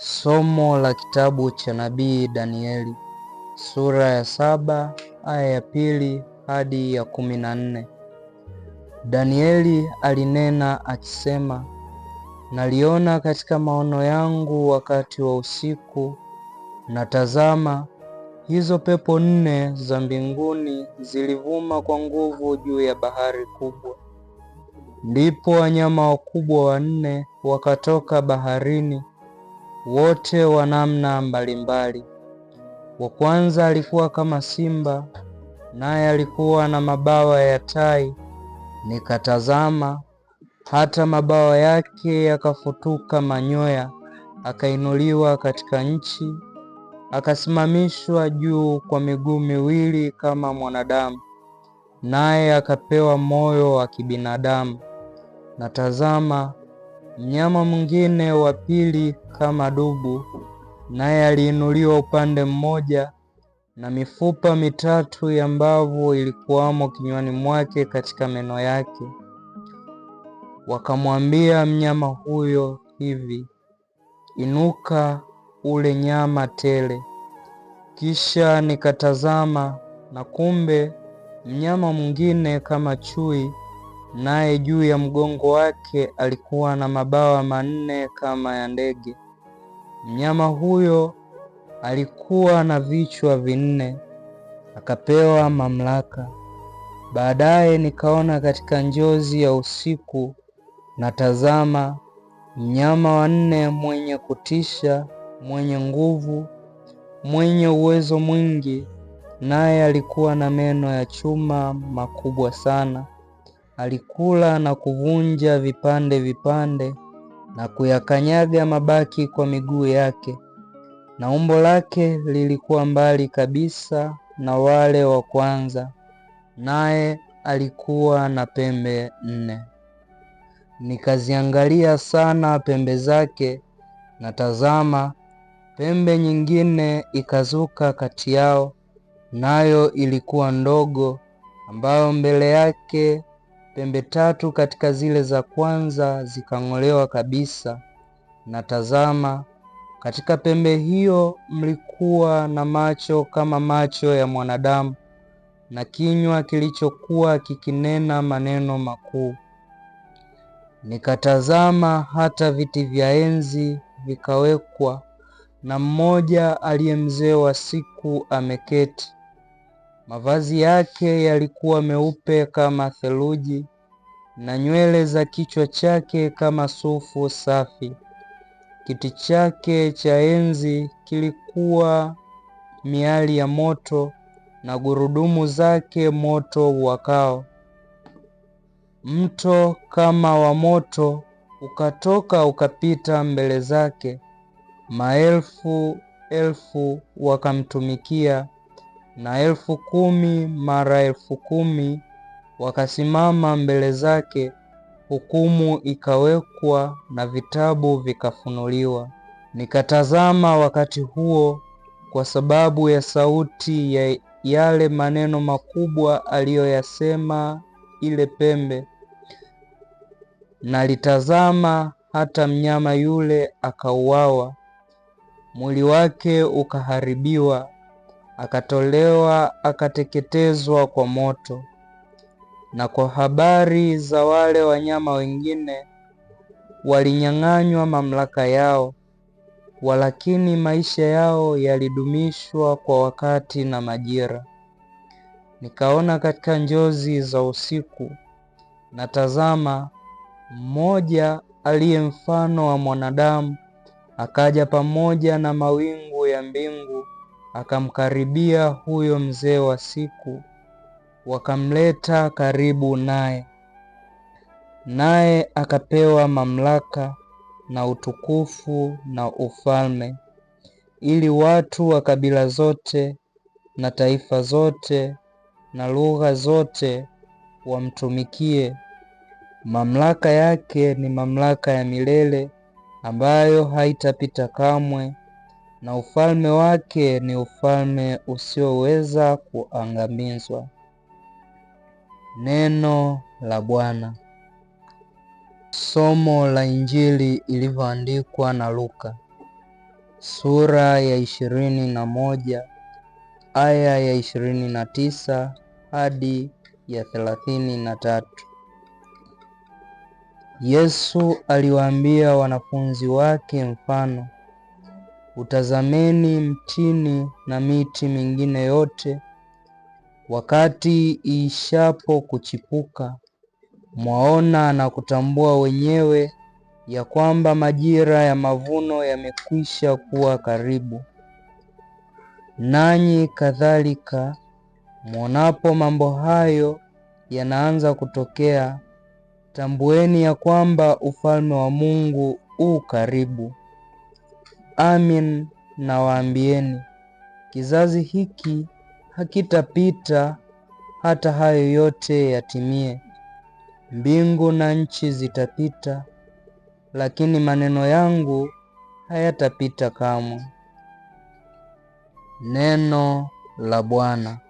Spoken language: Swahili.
Somo la kitabu cha nabii Danieli sura ya saba aya ya pili hadi ya kumi na nne. Danieli alinena akisema, naliona katika maono yangu wakati wa usiku, na tazama, hizo pepo nne za mbinguni zilivuma kwa nguvu juu ya bahari kubwa. Ndipo wanyama wakubwa wanne wakatoka baharini wote wa namna mbalimbali. Wa kwanza alikuwa kama simba, naye alikuwa na mabawa ya tai. Nikatazama hata mabawa yake yakafutuka manyoya, akainuliwa katika nchi, akasimamishwa juu kwa miguu miwili kama mwanadamu, naye akapewa moyo wa kibinadamu. natazama tazama Mnyama mwingine wa pili kama dubu, naye aliinuliwa upande mmoja, na mifupa mitatu ya mbavu ilikuwamo kinywani mwake katika meno yake. Wakamwambia mnyama huyo hivi, inuka ule nyama tele. Kisha nikatazama na kumbe mnyama mwingine kama chui naye juu ya mgongo wake alikuwa na mabawa manne kama ya ndege. Mnyama huyo alikuwa na vichwa vinne, akapewa mamlaka. Baadaye nikaona katika njozi ya usiku, na tazama, mnyama wa nne mwenye kutisha, mwenye nguvu, mwenye uwezo mwingi, naye alikuwa na meno ya chuma makubwa sana alikula na kuvunja vipande vipande na kuyakanyaga mabaki kwa miguu yake, na umbo lake lilikuwa mbali kabisa na wale wa kwanza, naye alikuwa na pembe nne. Nikaziangalia sana pembe zake, na tazama, pembe nyingine ikazuka kati yao, nayo ilikuwa ndogo, ambayo mbele yake Pembe tatu katika zile za kwanza zikang'olewa kabisa, na tazama, katika pembe hiyo mlikuwa na macho kama macho ya mwanadamu na kinywa kilichokuwa kikinena maneno makuu. Nikatazama hata viti vya enzi vikawekwa, na mmoja aliye mzee wa siku ameketi, Mavazi yake yalikuwa meupe kama theluji na nywele za kichwa chake kama sufu safi. Kiti chake cha enzi kilikuwa miali ya moto na gurudumu zake moto uwakao. Mto kama wa moto ukatoka ukapita mbele zake, maelfu elfu wakamtumikia na elfu kumi mara elfu kumi wakasimama mbele zake, hukumu ikawekwa na vitabu vikafunuliwa. Nikatazama wakati huo, kwa sababu ya sauti ya yale maneno makubwa aliyoyasema ile pembe, nalitazama hata mnyama yule akauawa, mwili wake ukaharibiwa akatolewa akateketezwa kwa moto. Na kwa habari za wale wanyama wengine, walinyang'anywa mamlaka yao, walakini maisha yao yalidumishwa kwa wakati na majira. Nikaona katika njozi za usiku, na tazama, mmoja aliye mfano wa mwanadamu akaja pamoja na mawingu ya mbingu akamkaribia huyo mzee wa siku, wakamleta karibu naye, naye akapewa mamlaka na utukufu na ufalme, ili watu wa kabila zote na taifa zote na lugha zote wamtumikie. Mamlaka yake ni mamlaka ya milele ambayo haitapita kamwe, na ufalme wake ni ufalme usioweza kuangamizwa. Neno la Bwana. Somo la Injili ilivyoandikwa na Luka sura ya ishirini na moja aya ya ishirini na tisa hadi ya thelathini na tatu. Yesu aliwaambia wanafunzi wake mfano Utazameni mtini na miti mingine yote, wakati iishapo kuchipuka, mwaona na kutambua wenyewe ya kwamba majira ya mavuno yamekwisha kuwa karibu. Nanyi kadhalika mwonapo mambo hayo yanaanza kutokea, tambueni ya kwamba ufalme wa Mungu u karibu. Amin nawaambieni, kizazi hiki hakitapita hata hayo yote yatimie. Mbingu na nchi zitapita, lakini maneno yangu hayatapita kamwe. Neno la Bwana.